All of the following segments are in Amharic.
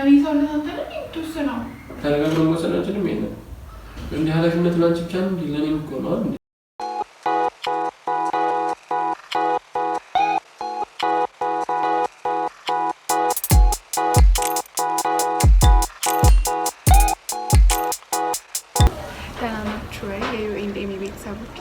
በእኔ ሰውነት አንተ ነው የምትወስነው። ተረጋግተን መወሰን አንችልም? የለም እንዲህ ኃላፊነት ላንቺ ብቻ ነው እንዲህ ለእኔም እኮ ነው እንዲ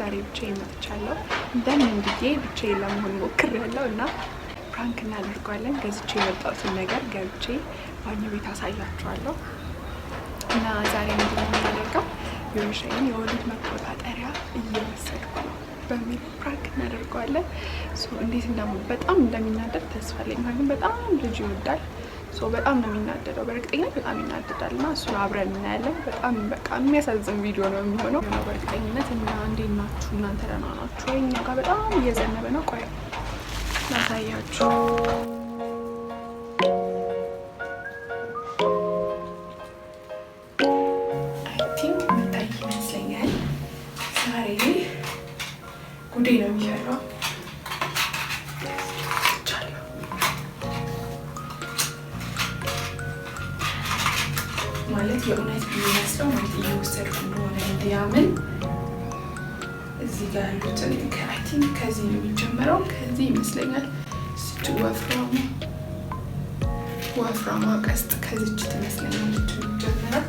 ዛሬ ብቻዬን መጥቻለሁ። እንደምን ብዬ ብቻዬን ለመሆን ሞክሬያለሁ እና ፕራንክ እናደርገዋለን። ገዝቼ የመጣሁትን ነገር ገብቼ ባኝ ቤት አሳያችኋለሁ እና ዛሬ ምንድን የምናደርገው የውሻዬን የወሊድ መቆጣጠሪያ እየወሰድኩ ነው በሚል ፕራንክ እናደርገዋለን። እንዴት በጣም እንደሚናደድ ተስፋ አለኝ። ምክንያቱም በጣም ልጅ ይወዳል። በጣም ነው የሚናደደው፣ በእርግጠኝነት በጣም ይናደዳል እና እሱን አብረን እናያለን። በጣም በቃ የሚያሳዝን ቪዲዮ ነው የሚሆነው በእርግጠኝነት። እና እንዴት ናችሁ እናንተ? ደህና ናችሁ ወይ? እኛ ጋር በጣም እየዘነበ ነው። ቆይ ላሳያችሁ ዛሬ ጉዴ ነው የሚሰራው። ማለት የእውነት የሚመስለው ማለት እየወሰድኩ እንደሆነ እንዲያምን እዚህ ጋር ያሉትን አይ ከዚህ ነው የሚጀመረው። ከዚህ ይመስለኛል ስች ወፍራማ ወፍራማ ቀስት ከዚች ትመስለኛል የሚጀመረው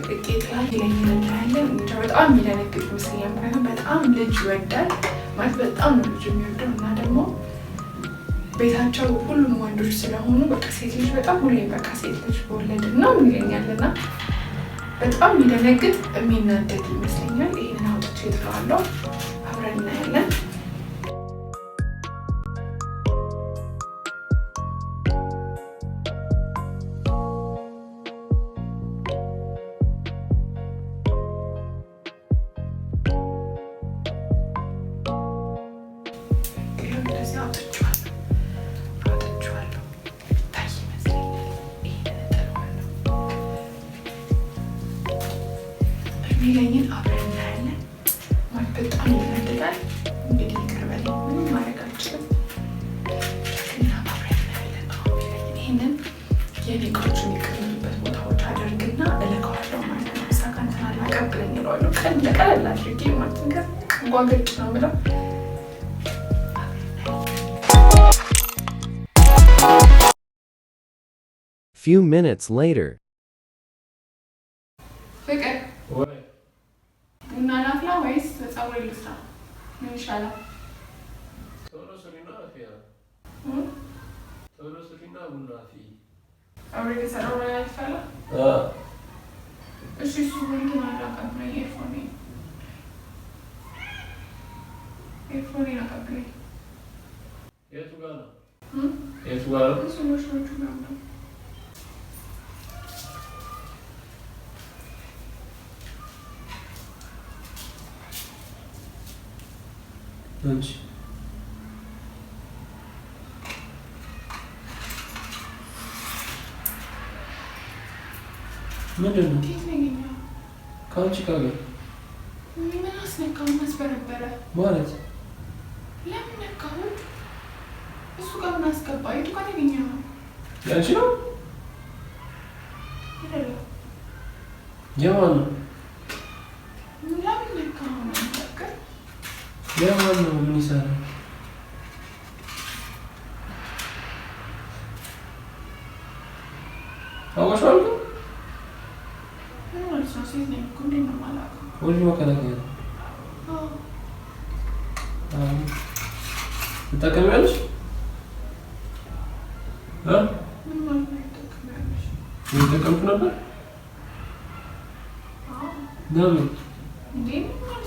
አጥብቄ ጥላ ይለኝ እናያለን። እንጃ በጣም የሚደነግጥ ይመስለኛል። ምክንያቱም በጣም ልጅ ይወዳል ማለት በጣም ነው ልጅ የሚወደው እና ደግሞ ቤታቸው ሁሉም ወንዶች ስለሆኑ በቃ ሴት ልጅ በጣም ሁሌ በቃ ሴት ልጅ በወለድ ነው ይለኛል እና በጣም የሚደነግጥ የሚናደድ ይመስለኛል። አውጥቼ ጥለዋለሁ። አብረን እናያለን። out the trash. Few minutes later. Fikr. Eh? What? Una la fla ways, it's our Inshallah. Toro Sulina Fia. Hmm? Toro Sulina Unafi. Our lista, our life fella? Ah. She's so weak in a lap and not a Hmm? As well. This ne I trying to remember. Lunch. ምንድን ነው? ከአንቺ ጋር ምን አስነካ ማስበረበረ ማለት ቆይ እንኳን ያገኘ ነው ያንቺ ነው የማን ነው የማን ነው ምን ይሰራል ታወሻል ሁሉ መከላከያ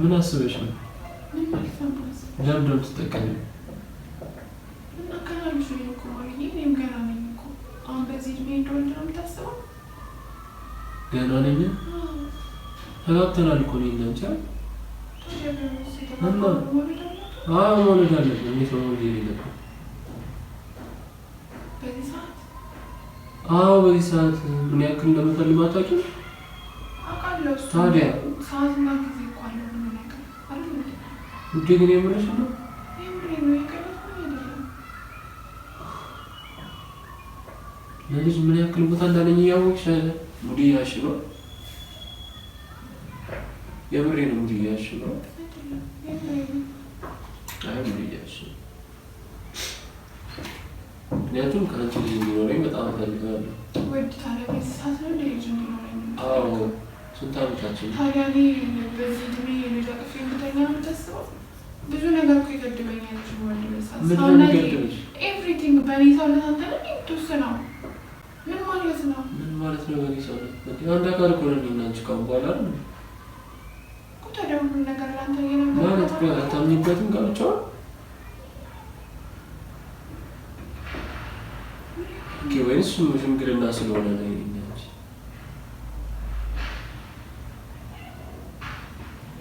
ምን አስበሽ ነው? ለምንድን ነው የምትጠቀሚው? ገና ነኝ። ተጋብተናል እኮ መውለድ አለብን። የት ነው አዎ በዚህ ሰዓት ምን ያክል እንደምፈልግ አታውቂም። ታዲያ ሰዓትና ጊዜ እኮ አለ። ውዴ ግን የምርሽ ነው? ለልጅ ምን ያክል ቦታ እንዳለኝ እያወቅሽ ሙድ እያልሽ ነው። የምሬ ነው። ሙድ እያልሽ ነው። ምክንያቱም ከአንቺ ልጅ እንዲኖረኝ በጣም እፈልጋለሁ። ስንት አመታችን? ሀያ እኔ በዚህ እድሜ የምታስበው ብዙ ነገር እኮ ይገድበኛል። ኤቭሪቲንግ በእኔ ሰውነት አንተ ነው የምትወስነው። ምን ማለት ነው? ምን ማለት ነው? በእኔ ሰውነት አንድ አካል እኮ ነን ካሁን በኋላ እኮ። ታዲያ ሁሉ ነገር ለአንተ ማለት አታምኝበትም ወይስ ሽምግልና ስለሆነ ነው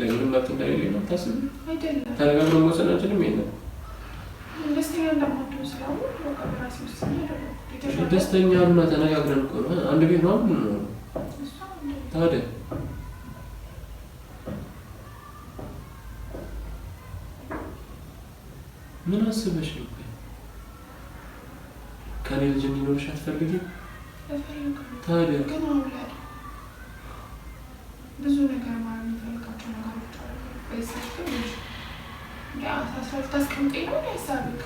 ለእንግዲህ መብት እንደሌለ ነው ታስብ አይደለም። ተነጋግረን መወሰን አንችልም። ይሄንን ደስተኛ እና ተነጋግረን እኮ ነው አንድ ቤት ነው አሁን ነው ታዲያ ምን አስበሽ ነው? ከኔ ልጅ እንዲኖርሽ አትፈልጊም? ታዲያ ብዙ ነገር ታስቀምጠኝ ነው ያሳብቅ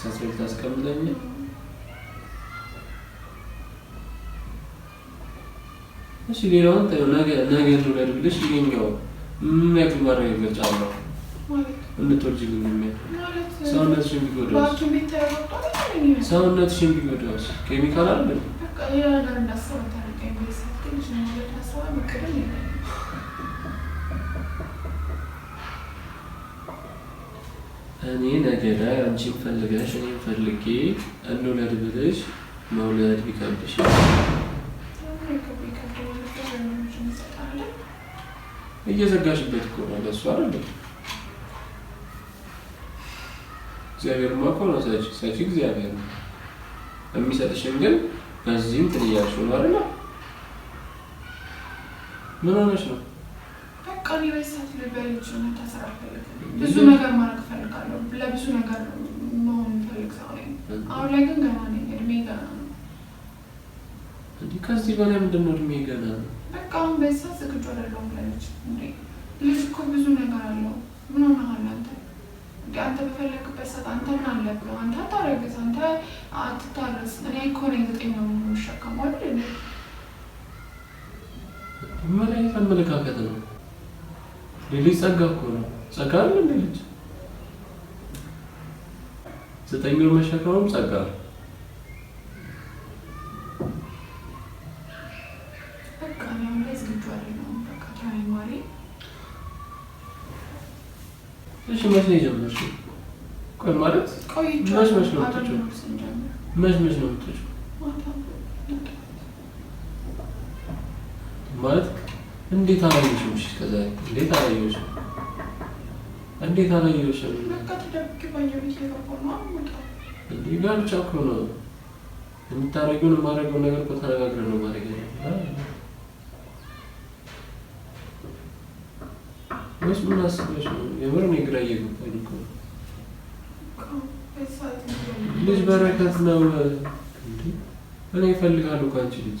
ሳስቤት ታስቀምጠኝ እሺ ሌላውን ታዩ ነገ ነገ ትውለድ ብለሽ ይሄኛው ምን ያክል ማድረግ ይገልጫ ነው እንትወልጅ ግን የሚያ ሰውነትሽን ቢጎዳውስ ሰውነትሽን ቢጎዳውስ ኬሚካል አለ እኔ ነገ ላይ አንቺን ፈልገሽ እኔን ፈልጌ እንውለድ ብለሽ መውለድ ቢከብድሽ እየዘጋሽበት እኮ ነው። ለሱ አይደለም እግዚአብሔር ማ እኮ ነው ሰጪ፣ ሰጪ እግዚአብሔር ነው የሚሰጥሽን። ግን በዚህም ትንያሹ ነው አይደለ? ምን ሆነሽ ነው? በቃ እኔ በዚህ ሰዓት ብዙ ነገር ማለት ለብዙ ነገር መሆን እፈልግ ሰው ነኝ። አሁን ላይ ግን ገና ነኝ። እድሜ ገና ነው። ከዚህ በላይ ምንድን ነው? እድሜ ገና ነው። በቃ አሁን በዛ ዝግጁ አይደለሁም። ልጅ እኮ ብዙ ነገር አለው። ምን ሆነሃል አንተ? አንተ በፈለግበት ሰዓት አንተ ምን አለብህ? አንተ አታረግዝ፣ አንተ አትታረስ። እኔ እኮ ነኝ ዘጠኝ ነው የምሸከመው አይደል? ምን አይነት አመለካከት ነው? ሌሎች ጸጋ እኮ ነው ጸጋ ልጅ ዘጠኝ ወር መሸከሙም ጸጋ ነው። እሺ መች ነው የጀመርሽው? ቆይ ማለት መች መች ነው መች መች ነው ማለት እንዴት አላየሽም? እሺ ከዛ እንዴት አላየሽም? እንዴት አላየሁሽም? ጋብቻ እኮ ነው የምታደርጊውን የማደርገውን ነገር እኮ ተነጋግረን ነው ማድረግ ወይስ ምን አስበሽ ነው? የምር እኔ ግራ እየገባኝ እኮ ነው። ልጅ በረከት ነው። እኔ እፈልጋለሁ ከአንቺ ልጅ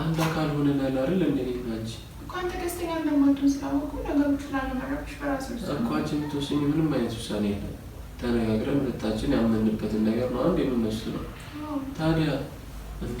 አንድ አካል ሆነ አይደል? እንደኔና አንቺ እኮ አንተ ደስተኛ እንደማትሆን ነገሮች ላለመረብሽ በራስ እኮ አንቺ የምትወስኝ ምንም አይነት ውሳኔ የለም። ተነጋግረን ሁለታችን ያመንበትን ነገር ነው አንድ የምንወስነው። ታዲያ እንዴ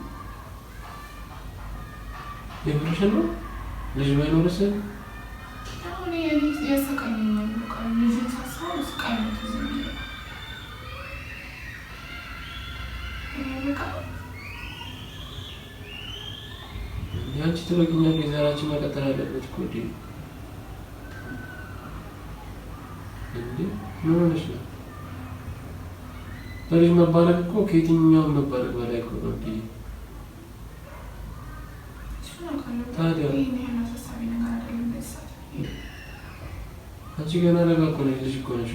የምርሽን ነው? ልጅ ባይኖርስ ያቺ ትበግኛ ጊዜራችን መቀጠል አለበት እኮ እንዴ! እንዴ ምን ሆነሽ ነው? በልጅ መባረግ እኮ ከየትኛውም መባረግ በላይ እኮ ነው። አንቺ ገና ለጋ እኮ ነሽ፣ ልጅ እኮ ነሽ።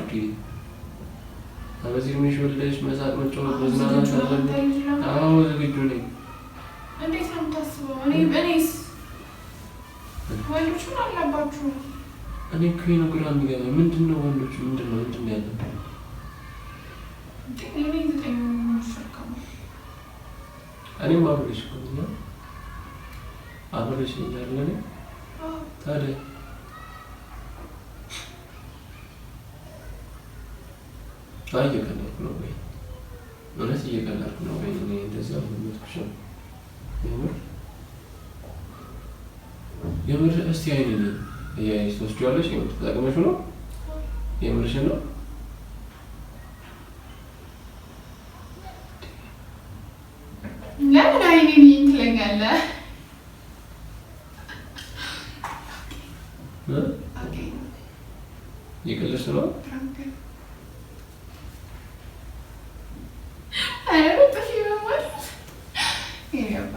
በዚህ እድሜሽ ወልደሽ መሳቅ፣ መጫወት፣ መዝናናት አለብን። ዝግጁ ነኝ። እንዴት ነው የምታስበው? እኔ እኔስ ወንዶቹ አላባችሁ። እኔ እኮ ነው ግራ የሚገባኝ ምንድን ነው ወንዶቹ ምንድን ነው ምንድን ነው ያለብን? እኔም አብሬሽ እኮ ተማምረሽኛል። ለኔ ታዲያ አይ እየቀለድኩ ነው ወይ? እውነት እየቀለድኩ ነው ወይ? እኔ እንደዛ ምትኩሽ ነው የምር የምር። እስቲ አይኔ እያይ ሶስት ጆለሽ ነው ተጠቅመሽ ነው የምርሽ ነው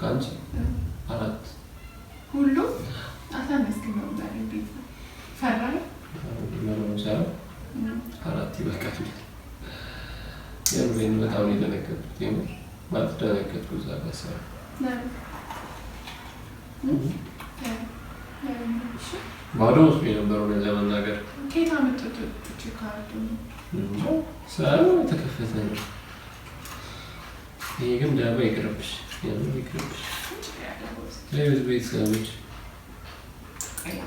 ከአንቺ አራት ሁሉ አታመስግን ነው ዛሬ ቤት ፈራ አራት ይበቃል። የምሬን በጣም ነው የደነገጥኩት። የምር ማለት ደነገጥኩ እዛ ጋር ሰው ባዶ ውስጥ የነበረው ተከፈተ ነው ይሄ ግን ዳባ ይቅርብሽ፣ ይቅርብሽ። ለቤት ቤተሰቦች ታይም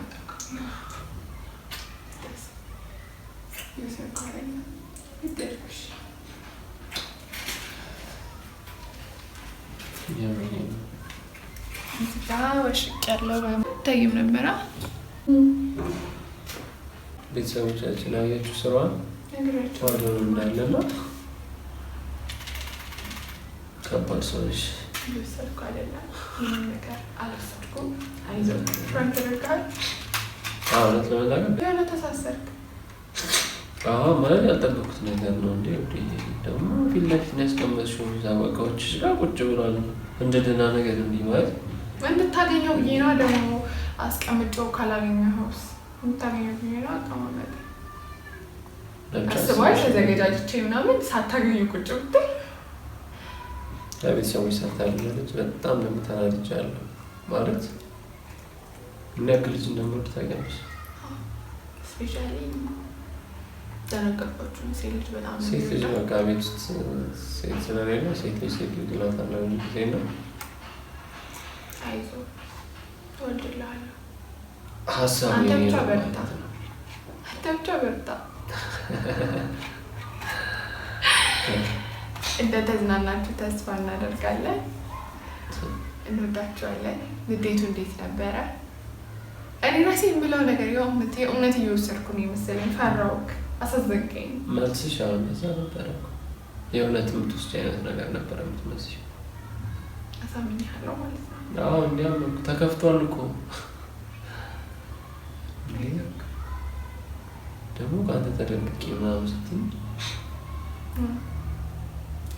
ነበራ። ቤተሰቦቻችን አያችሁ ስራዋን ዋዶ እንዳለና ከባድ ሰው ነሽ። ማለት ያልጠበኩት ነገር ነው። እንዴ ደግሞ ፊት ለፊት ያስቀመጥሽው እቃዎች ስጋ ቁጭ ብሏል። እንደ ደህና ነገር እንዲህ ማለት እንድታገኘው ብዬ ነዋ። ደግሞ አስቀምጨው ካላገኘኸውስ እንድታገኘው ብዬ ነዋ። አቀማመጥ አስበዋል፣ ተዘገጃጅቼ ምናምን ሳታገኙ ቁጭ ብትል ለቤት ሰዎች ሰርታልኛለች። በጣም ደግሞ ተናድጃለሁ። ማለት ምን ያክል ልጅ እንደምወድ ታውቂያለሽ። ሴት ልጅ በቃ ቤት ውስጥ ሴት ስለሌለ ሴት ልጅ ሴት ልጅ እላታለሁ ብዙ ጊዜ ነው ሀሳብ እንደተዝናናችሁ ተስፋ እናደርጋለን። እንወዳችኋለን። ንዴቱ እንዴት ነበረ? እኔ ራሴ የምለው ነገር ያው እውነት እየወሰድኩ ነው የመሰለኝ። ፈራውክ አሳዘገኝ። መልስሽ አሁን እዛ ነበረ የእውነት የምትወስድ አይነት ነገር ነበረ የምትመስሽ። አሳምኛለሁ ማለት ነው። አዎ እንዲያም ተከፍቷል እኮ ደግሞ ከአንተ ተደንቅቄ ምናምን ስትይ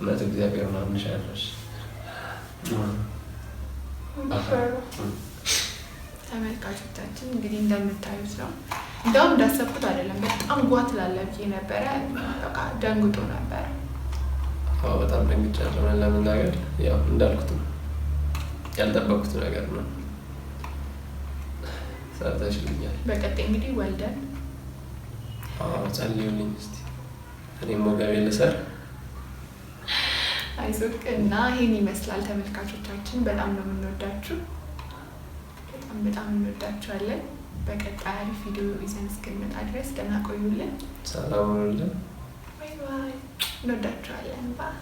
እውነት እግዚአብሔር ማምንሻ ያለሽ ተመልካቾቻችን እንግዲህ እንደምታዩት ነው። እንደውም እንዳሰብኩት አይደለም። በጣም ጓት ላለብኝ ነበረ። በቃ ደንግጦ ነበረ። በጣም ደንግጫለሁ። ለመናገር ያው እንዳልኩት ነው ያልጠበኩት ነገር ነው። ሰርተሽልኛል። በቀጤ እንግዲህ ወልደን ጸልዩልኝ እስኪ እኔም ወገቤ ልሰር አይዞክ እና ይሄን ይመስላል ተመልካቾቻችን። በጣም ነው የምንወዳችሁ፣ በጣም በጣም እንወዳችኋለን። በቀጣይ አሪፍ ቪዲዮ ይዘን እስክንመጣ ድረስ ደህና ቆዩልን፣ ሰላም ባይ ባይ። እንወዳችኋለን። ባይ እንወዳችኋለን ባ